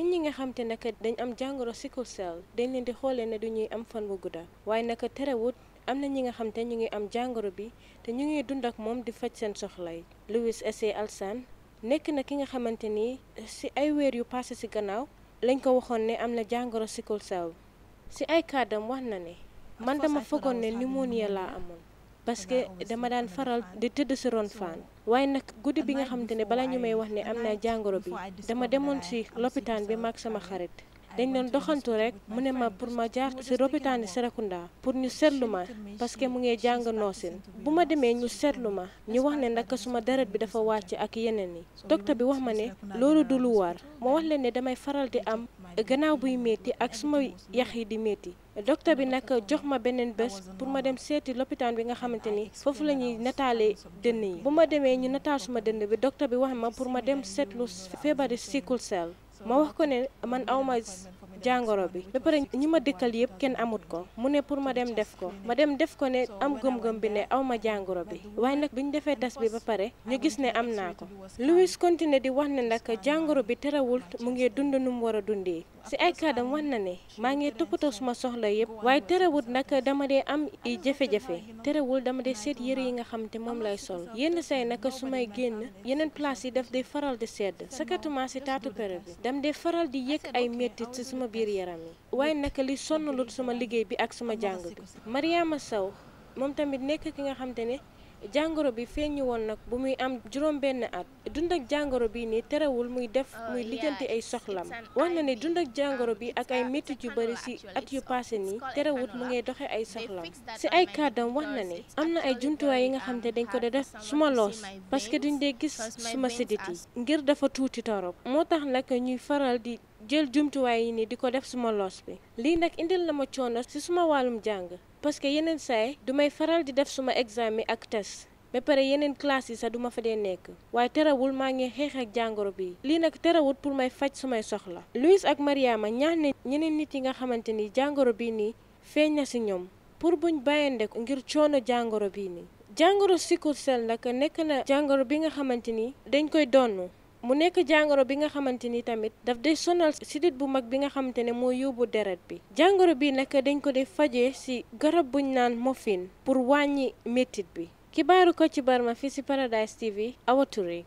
nit ñi nga xam te naka dañ am jàngoro sickle cell dañ leen di xoolee ne du ñuy am fan bu gudda waaye naka terewut am na ñi nga xam te ñu ngi am jàngoro bi te ñu ngi dund ak moom di faj seen soxlay Louis S.A. Alsan nekk na ki nga xamante ni ci ay weer yu passé ci gannaaw lañ ko waxoon ne am na jàngoro sickle cell ci ay kàddam wax na ne man dama foogoon ne pneumonia laa amoon parce que dama daan faral di tëdd si ron faan waaye nag guddi bi nga xamante ne balaa ñu may wax ne am naa jàngoro bi dama demoon si lopitaan bi maag sama xarit dañ doon doxantu rek mu ne ma pour ma jaar si lopitaani Serekunda pour ñu seetlu ma parce que mu ngi jàng noosin bu ma demee ñu seetlu ma ñu wax ne naka suma deret bi dafa wàcc ak yeneen yi docteur bi wax ma ne loolu du lu war ma wax leen ne damay faral di am gannaaw buy métti ak suma yax yi di métti docteur bi nag jox ma beneen bés pour ma dem seeti loppitaan bi nga xamante ni foofu la ñuy nataalee dënn yi bu ma demee ñu nataal suma dënn bi docteur bi wax ma pour ma dem seetlu feebari sickle cell ma wax ko ne man aw ma jàngoro bi ba pare ñu ma dëkkal yëpp kenn amut ko mu ne pour ma dem def ko ma dem def ko ne am gëm-gëm bi ne aw ma jàngoro bi waaye nag bi ñu defee tas bi ba pare ñu gis ne am naa ko Louis continué di wax na nag jàngoro bi terewul mu ngi dund nu mu war a dundee si ay kaadam wax na ne maa ngi toppatoo suma soxla yëpp waaye terewul nag dama dee am i jafe-jafe terewul dama dee seet yëre yi nga xam te moom lay sol yenn say nag su may génn yeneen place yi daf dee faral di sedd sakatuma si taatu pere faral di yëg suma biir yaram yi waaye naka li sonnalul sama liggéey bi ak sama jàng bi Mariama saw moom tamit nekk ki nga bi feeñu woon nag bu muy am juróom benn at dund ak jàngoro bi ni terewul muy def oh, muy lijjanti ay soxlam wax na ne dund ak jàngoro bi ak ay jubarisi yu bari ci at yu passé nii terewut mu ngay doxe ay soxlam ci ay kàddam wax na ne am na ay jumtuwaay yi um, nga xam ne dañ ko def suma loos parce que duñ dee gis suma sidit ngir dafa tuuti torop moo tax ñuy faral di jël jumtuwaay yi nii di ko def suma loos bi lii nag indil na ma coono ci suma wàllum jàng parce que yeneen saay du may faral di def suma examen ak tes ba pare yeneen classe yi sax duma fa dee nekk waaye terewul maa ngi xeex ak jàngoro bi lii nag terewut pour may faj sumay soxla Louis ak Mariama ñaax ne ñeneen nit yi nga xamante ni jàngoro bii nii feeñ na ci ñoom pour buñ ko ngir coono jàngoro bii nii jàngoro sickle cell nag nekk na jàngoro bi nga xamante ni dañ koy donn mu nekk jàngoro bi nga xamante ni tamit daf day sonal sidit bu mag bi nga xamante ne mooy yóbbu deret bi jàngoro bi nag dañ ko dee fajee ci garab buñ naan mofin pour wàññi métit bi kibaaru ko ci barma fii ci Paradise TV Awa Touré